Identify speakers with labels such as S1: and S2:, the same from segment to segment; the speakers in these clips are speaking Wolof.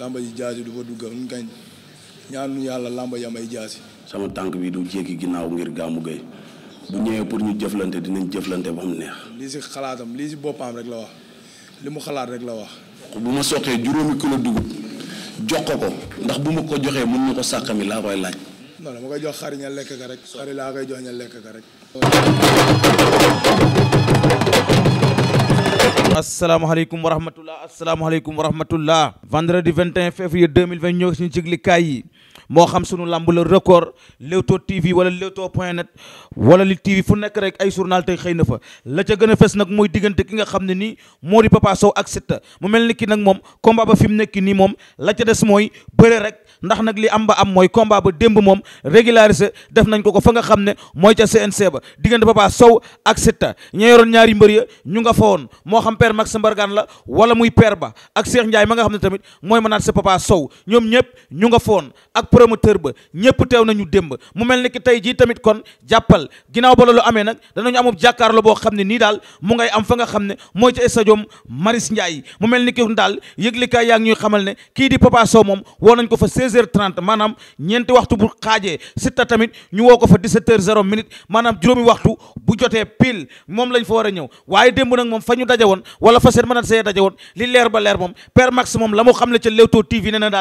S1: làmba ji jaasi du fa dugga ñun kañ ñaanu yàlla làmba yi am ay jaasi. sama tànk bi du jéggi ginnaaw ngir Gamou Gueye bu ñëwee pour ñu jëflante dinañ jëflante ba mu neex. lii si xalaatam lii si boppam rek la wax li mu xalaat rek la wax. bu ma soqee juróomi kilo dugub jox ko ko ndax bu ma ko joxee mën na ko mi laa koy laaj. non dama koy jox xari ña lekk ka rek. xari laa koy jox ña lekk ka rek. asalaamaaleykum wa rahmatullah asalaamaaleykum wa rahmatullah vendredi 21 février 2020 ñëw suñu ci yëglikaay yi moo xam sunu lamb la record Leewtoo TV wala Leewtoo point net wala li TV fu nekk rek ay journal tey xëy na fa la ca gën a fes nag mooy diggante ki nga xam ne nii moo di Papa Sow ak Siteu mu mel ni ki nag moom combat ba fi mu nekk nii moom la ca des mooy bëre rek ndax nag li am ba am mooy combat ba démb moom régularisé def nañ ko ko fa nga xam ne mooy ca CNC ba diggante Papa Sow ak Siteu ña yoroon ñaari mbër ya ñu nga fa woon moo xam mag Max Mbargane la wala muy père ba ak Cheikh Ndiaye ma nga xam ne tamit mooy manaat sa Papa Sow ñoom ñëpp ñu nga fa promoteur ba ñëpp teew nañu démb mu mel ni ki tey jii tamit kon jàppal ginnaaw ba loolu amee nag danañu amub jàkkaarloo boo xam ne nii daal mu ngay am fa nga xam ne mooy ci stadium Maris Ndiaye ni ki daal yëglikaay yaa ngi ñuy xamal ne kii di Papa Sow moom woo nañ ko fa 16h30 maanaam ñeenti waxtu bu xaajee Siteu tamit ñu woo ko fa 17h0 minute maanaam juróomi waxtu bu jotee pile moom lañ fa war a ñëw waaye démb nag moom fa ñu daje woon wala fa seen mën see daje woon li leer ba leer moom Père Max moom la mu xam ne ca Leewtoo TV nee na ne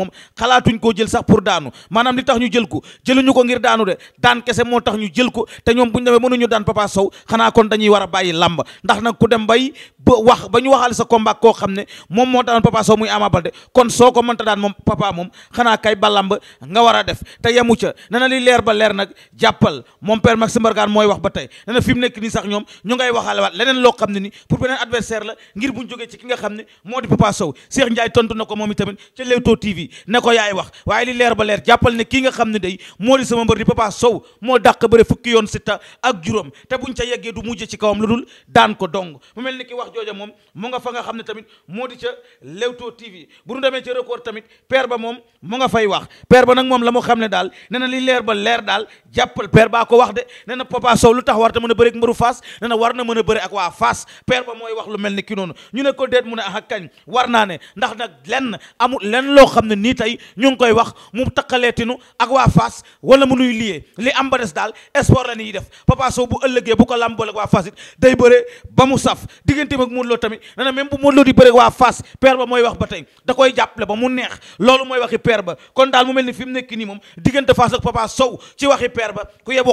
S1: moom xalaatuñ koo jël sax pour daanu maanaam li tax ñu jël ko ñu ko ngir daanu de daan kese moo tax ñu jël ko te ñoom buñ demee mënuñu daan Papa Sow xanaa kon dañuy war a bàyyi làmb ndax nag ku dem bayi ba wax ba ñu waxaale sa combat koo xam ne moom moo daan Papa Sow muy Ama Baldé kon soo ko mënta daan moom papa moom xanaa kay balamba nga war a def te ca nee na li leer ba leer nag jàppal moom père Maxime Bargane mooy wax ba tey na fi mu nekk nii sax ñoom ñu ngay waxaale waat leneen loo xam ne ni pour beneen adversaire la ngir buñ jógee ci ki nga xam ne moo di Papa Sow Cheikh Ndiaye ko moom itamit ca Leewtoo TV ne ko yaay wax waaye li leer ba leer jàppal ne kii nga xam ne day moo di sama mbër di Papa Sow moo dàq bëre fukki yoon Siteu ak juróom te buñ ca yeggee du mujj ci kawam lu dul daan ko dong mu mel ni wax wax jooja moom mu nga fa nga xam ne tamit moo di ca Leewtoo TV bu ñu demee ca record tamit père ba moom mu nga fay wax père ba nag moom la mu xam ne daal nee na li leer ba leer daal jàppal père baa ko wax de nee na Papa Sow lu tax war te mën a bëre ak mbaru Fass nee na war na mën a bëre ak waa Fass père ba mooy wax lu mel ni ki noonu ñu ne ko déet mu ne ah war naa ne ndax nag lenn amul lenn loo xam ne nii tey ñu ngi koy wax mu taqaleetinu ak waa Fass wala mu nuy liyee li am ba des daal sport la ñuy def Papa Sow bu ëllëgee bu ko làmbool ak waa Fass it day bëre ba mu saf digg ak Modou Lo tamit nee na même da koy jàppale ba mu neex loolu mooy waxi père ba kon daal mu mel ni a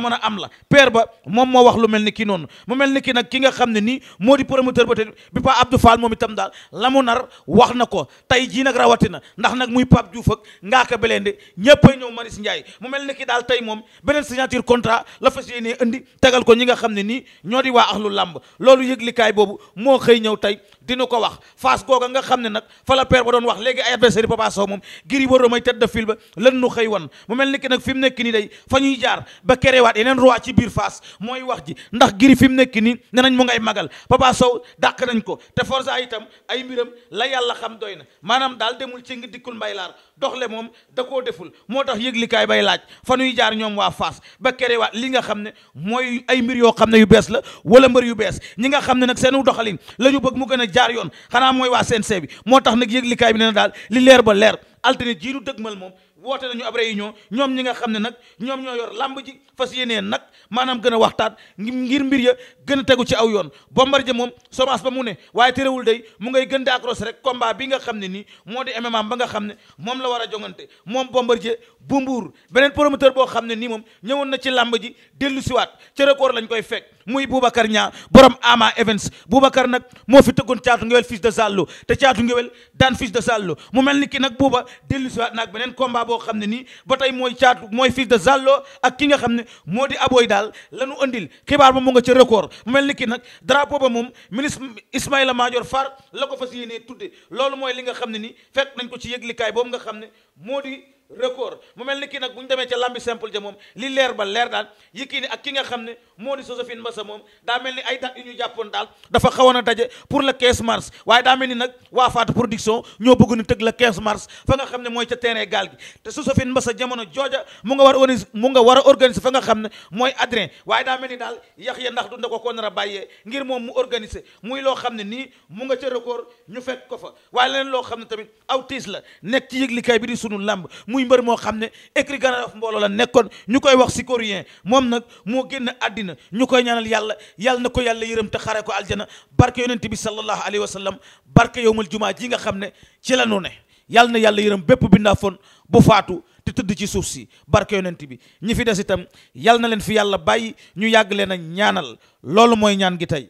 S1: mën a am la père ba moom moo wax lu ki noonu mu ni ki nag ki nga xam ne nii moo di promoteur ba tey bi Pa Abdou Fall moom itam daal la mu nar wax na ko tey jii nag rawatina ndax nag muy Pape Diouf ak Ngaaka Blindé ñëppay ñëw Maris Ndiaye mu mel ni ki daal tey moom beneen signature contrat la fas yéenee indi tegal ko ñi nga xam ne nii ñoo di waa ahlu làmb loolu yëglikaay boobu moo xëy ñëw tey dina ko wax Fass googa nga xam ne nag fa la père ba doon wax léegi ay adversaire yi Papa Sow moom Gris Bordeaux may tête de file ba lan nu xëy wan mu mel ni ki nag fi mu nekk nii day fa ñuy jaar ba kerewaat yeneen roi ci biir Fass mooy wax ji ndax Gris fi mu nekk nii ne nañ mu ngay magal Papa Sow dàq nañ ko te Forza itam ay mbiram la yàlla xam doy na maanaam daal demul ci ngi dikkul mbay laar doxle moom da koo deful moo tax yëglikaay bay laaj fa ñuy jaar ñoom waa Fass ba kerewaat li nga xam ne mooy ay mbir yoo xam ne yu bees la wala mbër yu bees ñi nga xam ne nag seenu doxalin la ñu bëgg mu gën a jaar yoon xanaa mooy waa CNC bi moo tax nag yëglikaay bi ne na daal li leer ba leer altine jii nu mal moom woote nañu ab ñoo ñoom ñi nga xam ne nag ñoom ñoo yor làmb ji fas yeneen nag maanaam gën a waxtaan ngir mbir ya gën a tegu ci aw yoon Bombardier moom semence ba mu ne waaye terewul day mu ngay gën di accroché rek combat bi nga xam ne nii moo di MMA ba nga xam ne moom la war a jongante moom Bombardier bu mbuur beneen promoteur boo xam ne nii moom ñëwoon na ci làmb ji dellu siwaat ca record lañ koy fekk muy Boubacar ñaa borom Ama Events Boubacar nag moo fi tëggoon caatu ngewel fils de Sallo te caatu ngewel daan fils de Sallo mu mel ni ki nag Bouba dellu siwaat nag beneen boo xam ne nii ba tey mooy caatu mooy fils de Zallo ak ki nga xam ne moo di abooy daal la nu andil xibaar ba mu nga ca record mu mel ni kii nag drapeau ba moom ministre Ismaïla Madior Fall la ko fas yéenee tudde loolu mooy li nga xam ne nii fekk nañ ko ci yëglikaay boobu nga xam ne moo di record mu mel ni kii nag bu ñu demee ca lambi simple ja moom li leer ba leer daal Yékini ak ki nga xam ne moo di Joséphine Mbassa moom daa mel ni ay date yu ñu daal dafa xawoon a daje pour le 15 mars waaye daa mel ni nag waa Faatu production ñoo bëgg ni tëgg le 15 mars fa nga xam ne mooy ca terrain gaal gi te Joséphine Mbassa jamono jooja mu nga war a mu nga war a organiser fa nga xam ne mooy Adrien waaye daa mel ni daal yax ya ndax dunda ko ko nar a bàyyee ngir moom mu organiser muy loo xam ne nii mu nga ca record ñu fekk ko fa waaye leneen loo xam ne tamit aw tiis la nekk ci yëglikaay bi di sunu làmb muy mbër moo xam ne écrit ganadaf mbooloo la nekkoon ñu koy wax si korien moom nag moo génn àddina ñu koy ñaanal yàlla yàlla na ko yàlla yërëm te xare ko aljana barke yonent bi sallallahu alayhi wa sallam barke yowmal jumaa ji nga xam ne ci la nu ne yàlla na yàlla yërëm bépp foon bu faatu te tëdd ci suuf si barke yonent bi ñi fi des itam yàlla na leen fi yàlla bàyyi ñu yàgg leen a ñaanal loolu mooy ñaan gi tey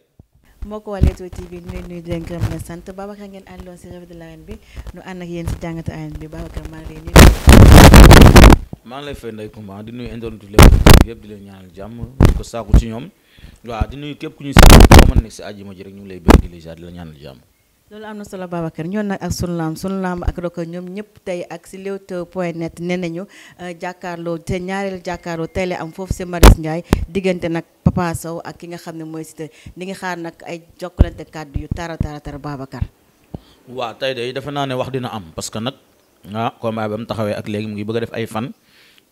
S2: moo ko waa Leewtoo TV ñu leen nuyu di leen sant Babacar ngeen àndoon si revue de bi nu ànd ak yéen si jàngatu arène bi Babacar maa ngi lay nuyu. maa ngi lay
S1: fay Ndeye Comba di nuyu leen ko saaku ci ñoom waaw di nuyu képp ku ñu si boo mën nekk ñu ngi lay bëgg di la jaar di la ñaanal jàmm.
S2: loolu am na solo Babacar ñoon nag ak sunu laam sunu laam ak roko ñoom ñëpp tey ak si Leewtoo point net ne nañu euh, jàkkaarloo te ñaareelu jàkkaarloo tey la am foofu si Maris Ndiaye diggante nag Papa Sow ak ki nga xam ne mooy Siteu ni ngi xaar nag ay jokkalante kàddu yu tara tara tara Babacar
S1: waa tey de defe naa ne wax dina am parce que nag ah combat ba mu taxawee ak léegi mu ngi bëgg a def ay fan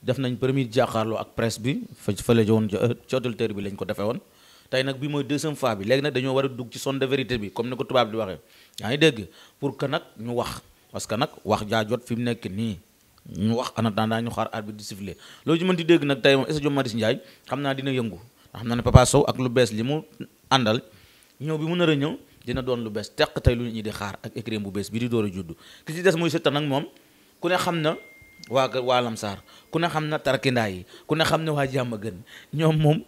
S1: def nañ premier jàkkaarloo ak presse bi fa fële woon ci auditeur bi lañ ko defee woon tey nag bi mooy deuxième fois bi léegi nag dañoo war a dugg ci son de vérité bi comme ni ko tubaab di waxee yaa ngi dégg pour que nag ñu wax parce que nag wax jaajot jot mu nekk nii ñu wax en attendant ñu xaar arbitre di siffler loolu di dégg nag tey moom est-ce xam naa dina yëngu nga xam na ne Papa Sow ak lu bees li mu àndal ñëw bi mu nar a ñëw dina doon lu bees teq tey lu ñu di xaar ak écrin bu bees bi di door a juddu ki ci des muy Siteu nag moom ku ne xam na waa waa Lamsaar ku ne xam na tarkindaa yi ku ne xam ne waa jàmm gën ñoom moom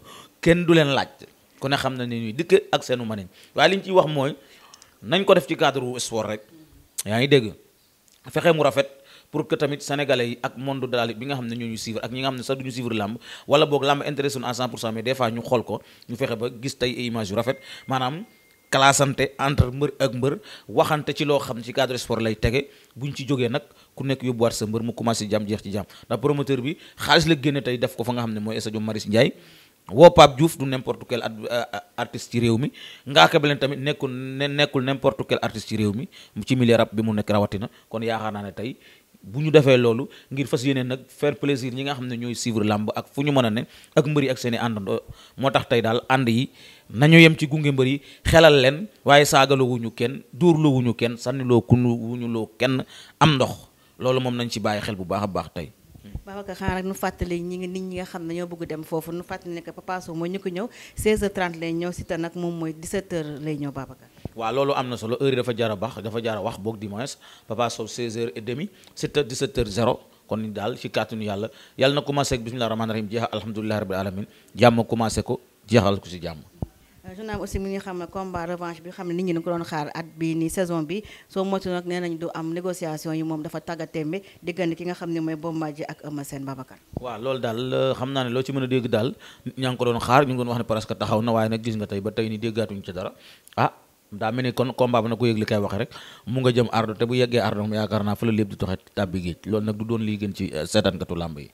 S1: kenn du leen laaj ku ne xam na ne ñuy dikk ak seenu maniñ waaye li ñu ciy wax mooy nañ ko def ci cadre wu sport rek yaa ngi dégg fexe mu rafet pour que tamit sénégalais yi ak monde daal bi nga xam ne ñoo ñu suivre ak ñi nga xam ne sax duñu suivre làmb wala boog làmb intéressé à pour cent mais des ñu xool ko ñu fexe ba gis tey image yu rafet maanaam classante entre mbër ak mbër waxante ci loo xam ci cadre sport lay tege buñ ci jógee nag ku nekk yóbbuwaat sa mbër mu commencé jàmm jeex ci jàmm ndax promoteur bi xaalis la génne tey def ko fa nga xam ne mooy stade Marius Ndiaye woo Pape Diouf du n'importe quel euh, artiste ci réew mi Ngaaka Blindé tamit nekkul nekkul n'importe quel artiste ci réew mi ci milieu rap bi mu nekk rawatina kon yaakaar naa ne tey bu ñu defee loolu ngir fas yéene nag faire plaisir ñi nga xam ne ñooy suivre làmb ak fu ñu mën a ne ak mbër yi ak seen i àndandoo moo tax tey daal ànd yi nañu yem ci gunge mbër yi xelal leen waaye saagaloo wuñu kenn dóorloo wuñu kenn sànniloo kunu wuñu loo kenn am ndox loolu moom nañ ci bàyyi xel bu baax a baax tey.
S2: Babacar xanaa rek nu fàttali ñi ngi nit ñi nga xam ne ñoo bëgg dem foofu nu fàttali ne que mooy ñu ko ñëw 16h30 ñëw si nag moom mooy 17
S1: waaw loolu am na solo heure yi dafa jar a baax dafa jar a wax boog dimanche Papa Sow 16h30 17h 17h0 kon ni daal ci kàttanu yàlla yàlla na commencé ak bisimilah rahmaani rahim jeexal alhamdulilah rabbil alamin jàmm commencé ko jeexal ko ci jàmm.
S2: Euh, journal aussi mi ngi xam ne combat revanche bi xam ne nit ñi dañu ko doon xaar at bi ni saison ki nga xam ne mooy Bombardier ak Eumeu Sène Babacar
S1: waaw loolu daal euh, xam naa ne loo ci mën a dégg daal ñaa ngi ko doon xaar ñu ngi doon wax ne presque taxaw na waaye nag gis nga daa mel ni kon combat bi na ko yëg li kay waxee rek mu nga jëm ardo te bu yeggee ardo yaakaar naa fa la lépp di toxet tàbbi géej loolu nag du doon lii gën ci euh, seetaankatu làmb yi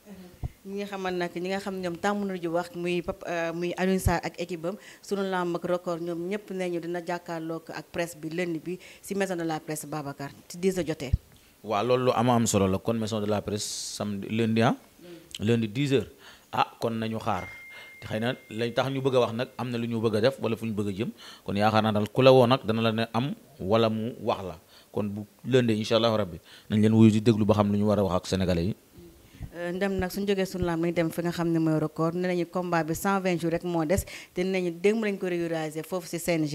S2: muy pap euh, ak équipe am sunu làmb ak record ñoom ñëpp ne ñu dina jàkkaarloo ak presse bi lënd bi si maison de la presse Babacar ci 10 heures jotee.
S1: waaw loolu lu am am solo la kon maison de la presse samedi lundi ah. Mm. lundi 10 heures ah kon nañu xaar. xëy na lañ tax ñu bëgg wax nag am na lu ñu bëgg a def wala fu ñu bëgg a jëm kon yaakaar naa daal ku la woon nag dana la ne am wala mu wax la kon bu lëndee incha allahu rabbi nañ leen wuyu di déglu ba xam lu ñu war a wax ak sénégalais yi.
S2: Euh, ndem nag suñu jógee suñu laam lañu dem fi nga xam ne mooy record ne nañu combat bi 120 jours rek moo des te ne nañu démb lañu ko régulariser foofu si CNG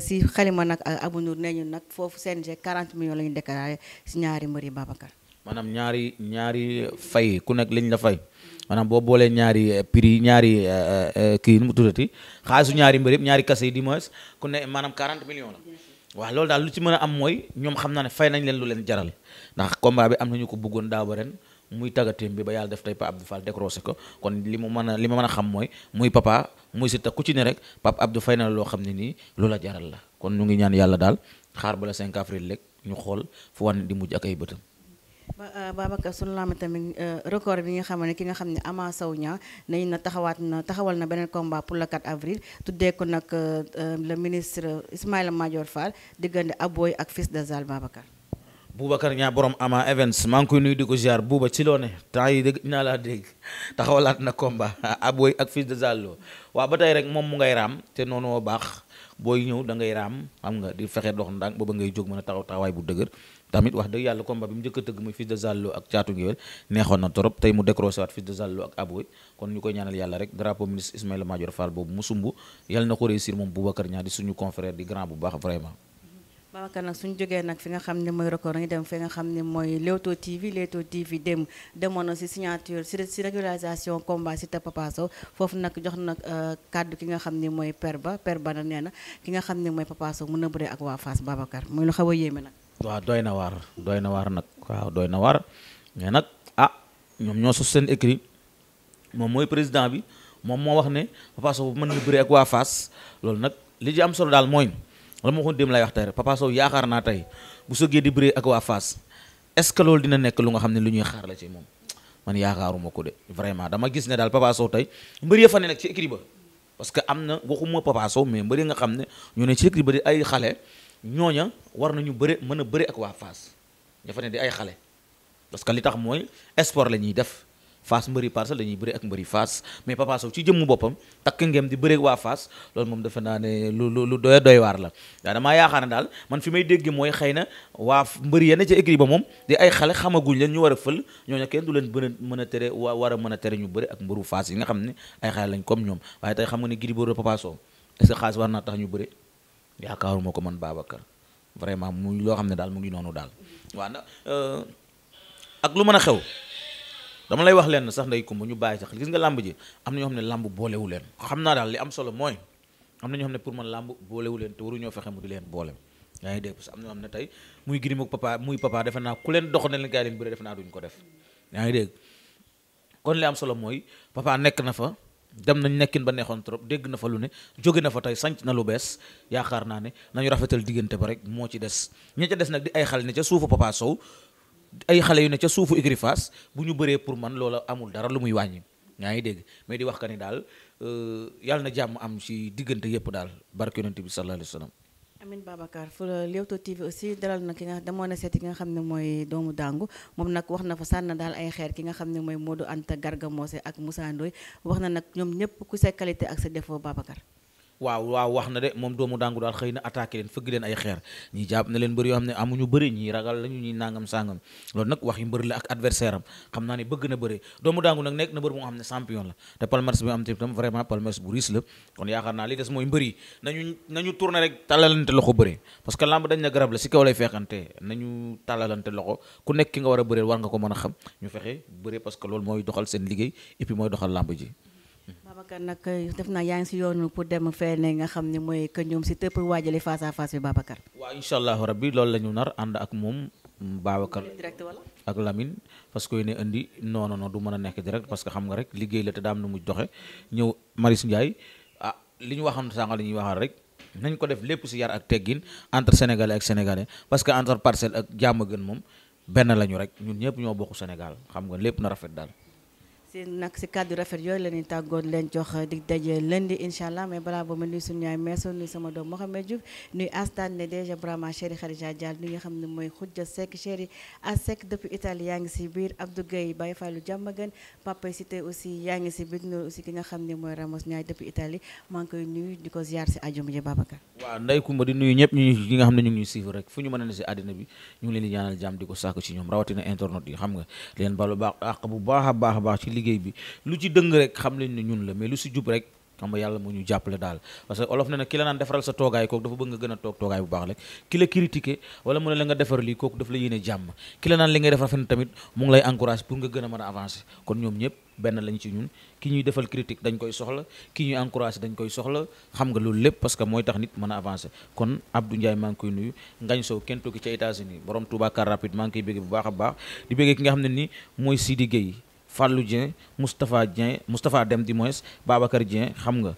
S2: si euh, xalima nag abu Abou Nour ne ñu nag foofu CNG 40 millions la ñu déclaré si ñaari mbër yi Babacar.
S1: maanaam ñaari ñaari fay ku nekk liñ la fay. maanaam boo boolee ñaari eh, prix ñaari eh, eh, kii nu mu tuddati xaalisu ñaari mbër yëpp ñaari kase yi dimanche ku ne maanaam 40 millions la waaw loolu daal lu ci mën a am mooy ñoom xam naa ne fay nañ leen lu leen jaral ndax combat bi am nañu ko buggoon daaw ba ren muy tàggateem bi ba yàlla def tey Pape Abdou Fall décroché ko kon li mu mën a li ma mën a xam mooy muy papa muy si ku ci ne rek Pape fay na loo xam ne nii lu la jaral la kon ñu ngi ñaan yàlla daal xaar ba la 5 avril rek ñu xool fu wan di mujj ak ay bëtam
S2: Euh, Babacar sunu laama tamit euh, record bi nga xam ne ki nga xam ne Ama Sow Niang nañ na taxawaat na taxawal na beneen combat pour le 4 avril tuddee ko nag euh, le ministre Ismaïla Madior Fall diggante Aboy ak fils de Zal Babacar.
S1: Boubacar ñaa borom amaa Events man ngi koy nuyu di ko ziar buuba ci loo ne temps yi dégg naa laa dégg taxawalaat na combat Aboy ak fils de Zal waa ba tey rek moom mu ngay raam te noonu baax booy ñëw da ngay raam xam nga di fexe dox ndànk booba ngay jóg mën a taxaw taxawaay bu dëgër. tamit wax dëgg yàlla combat bi mu njëkk a tëgg muy fils de Zallo ak Thiatou Nguéweul neexoon na trop tey mu décroché waat fils de Zallo ak Aboy kon ñu koy ñaanal yàlla rek drapeau ministre Ismaïla Madior Fall boobu mu sumb yàlla na ko réussir moom Boubacar Niang suñu confrère di grand bu baax vraiment
S2: Babacar nag suñu jógee nag fi nga xam ne mooy record nañu dem fi nga xam ne mooy Leewtoo TV Leewtoo TV dem demoon na si signature si régularisation combat si te Papa euh, na ki nga xam ne mooy Père Ba Père Ba ne mooy Papa Sow mën na bëre ak waa Fass Babacar a
S1: waaw doy na waar doy na waar nag waaw doy na waar mais nag a ah, ñoom ñoo sos seen écrit moom mooy président bi moom moo wax ne Papa Sow man na bëri ak waa Fass loolu nag li ci am solo daal mooy la ma waxoon démb lay wax tey rek yaakaar naa tey bu sëggee di bëri ak waa Fass est-ce que loolu dina nekk lu nga xam ne lu ñuy xaar la ci moom man yaakaaruma ko de vraiment dama gis ne daal Papa tey mbër fa ne nag ci écrit ba parce que am na waxuma Papa Sow mais mbër yi nga xam ne ñu ne ci écrit ba di ay xale ñooña war na ñu bëre mën a bëre ak waa Fass dafa ne di ay xale parce que li tax mooy sport la ñuy def Fass mbëri parcelle la ñuy bëre ak mbëri Fass mais Papa Sow ci jëmmu boppam takk ngeem di bëre waa Fass loolu moom defe naa ne lu lu lu doy doy waar la daa damaa yaakaar ne daal man fi may dégg xëy na waa mbëri yenn ci écrit ba ay xale xamaguñ leen ñu war a fël ñooñu kenn du leen mën a tere wa war a mën a tere ñu bëre ak mbëru Fass yi nga xam ne ay xale lañ comme ñoom waaye tey xam nga ne Gris Bordeaux Papa Sow que xaalis war naa tax ñu bëre yaakaaruma ko man Babacar vraiment mu loo xam ne daal mu ngi noonu daal. waa na euh, ak lu mën a xew dama lay wax leen sax ndey kumba ñu bàyyi sax gis nga làmb ji am na ñoo xam ne làmb boolewu leen. xam naa li am solo mooy am na ñoo xam pour man làmb boolewu leen te waruñoo fexe mu di leen boole. yaa ngi dégg parce que am na ñoo xam ne tey muy Gris ak papa muy papa defe naa ku leen dox ne leen gars yi leen bëre defe naa duñ ko def yaa ngi dégg kon li am solo mooy papa nekk na fa. dem nañ nekkin ba neexoon trop dégg na fa lu ne jóge na fa tey sanc na lu bees yaakaar naa ne nañu rafetal diggante ba rek moo ci des ña ca des nag di ay xale ne ca suufu Papa Sow ay xale yu ne ca suufu Igri Fass bu ñu bëree pour man loola amul dara lu muy wàññi yaa ngi dégg mais di wax ka ni daal euh, yàlla na jàmm am ci diggante yépp daal barke yonent bi sallallahu alayhi
S2: wa amin Babacar fu Leewtoo TV aussi dalal na ki nga damoo na seeti ki nga xam ne mooy doomu dàngu moom nag wax na fa sànn daal ay xeer ki nga xam ne mooy Modou Anta Garga Mbossé ak Moussa wax na nag ñoom ñëpp ku sa ak sa defoo Babacar
S1: waaw waaw wax na de moom doomu dàngu daal xëy na attaque leen fëgg leen ay xeer ñi jàpp na leen mbër yoo xam ne amuñu bëri ñi ragal lañu ñuy nangam sangam loolu nag waxi mbër la ak adversaire am xam naa ne bëgg na bëri doomu dàngu nag nekk na mbër bu nga xam ne champion la te palmarès bi am tam vraiment palmarès bu riis la kon yaakaar naa li des mooy mbër nañu nañu rek talalante loxo bëri parce que lamb dañ na garab la si kaw lay feexante nañu talalante loxo ku nekk ki nga war a bëreel war nga ko mën a xam ñu fexe bëri parce que loolu mooy doxal seen liggéey et mooy doxal lamb ji
S2: Babacar nag eh, def naa yaa ngi si yoonu pour dem fene nga xam ne mooy que ñoom si tëpp waajale face à face bi Babacar.
S1: waaw incha allahu rabbi loolu la ñu nar ànd ak moom Babacar. direct wala ak Lamine parce que ne indi non non du mën a nekk direct parce que xam nga rek liggéey la te daam na mu doxe ñëw Maris Ndiaye ah li ñu waxoon sànq li ñuy waxal rek. nañ ko def lépp si yar ak teggin entre sénégalais ak sénégalais parce que entre parcelle ak jàmm gën moom benn lañu rek ñun ñëpp ñoo bokku Sénégal xam nga lépp na rafet daal.
S2: si nag si kàddu rafet yooyu la ñuy tàggoon leen jox di daje lundi incha allah mais balaa ba ma nuyu suñu ñaay meeso nuyu sama doom Mohamed Diouf nuyu Astan ne ne mooy Khoudia Seck chéri a Seck depuis si biir Abdou Gueye Baye Fallou xam ne mooy Ramos Ndiaye depuis Italie maa koy nuyu di ko ziar si ajuma ji Babacar
S1: waaw Ndeye Coumba di nuyu ñëpp ñu ñi xam ne ñu ngi ñuy rek fu ñu mën a ne si àddina bi ñu ngi leen di ñaanal jàmm di ko sàkk ci ñoom rawatina internet yi xam nga leen balu baax àq liggéey bi lu ci dëng rek xam leen ne ñun la mais lu si jub rek xam nga yàlla moo ñu jàppale daal parce que olof ne na ki naan defaral sa toogaay kooku dafa bëgg nga gën a toog toogaay bu baax la kon ñoom ñëpp maa ngi koy nuyu Ngagne Sow kenn tukki ca États-Unis borom Touba car maa ngi koy bégge bu baax a baax di béggee ki nga xam ne ni mooy Sidi Gueye Fallou Dieng Moustapha Dieng Moustapha Dem di moins Babacar Dieng xam nga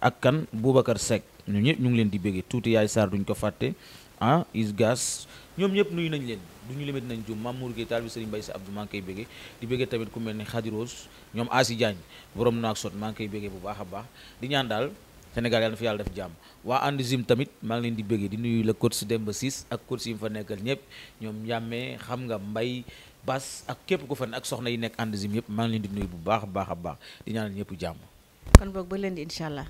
S1: ak kan Boubacar Seck ñu ñëpp ñu ngi leen di béggee tuuti yaay Sarr duñ ko fàtte ah Isgas ñoom ñëpp nuyu nañ leen du ñu limit nañ jum Mamour Gueye taal bi Serigne Mbaye Sy Abdou maa ngi koy béggee di béggee tamit ku mel ni Khadiros ñoom Asi Diagne borom naak sot maa ngi koy béggee bu baax a baax di ñaan daal Sénégal yàlla na fi yàlla def jàmm waa ànd zim tamit maa ngi leen di bëggee di nuyu la coach Demba Ciss ak coach yi mu fa nekkal ñëpp ñoom yàmmee xam nga mbay Bass ak képp ku fa ne ak soxna yi nekk ànd zim yëpp maa ngi leen di nuyu bu baax a baax a baax di ñaanal ñëpp jàmm.
S2: kon boog ba leen di incha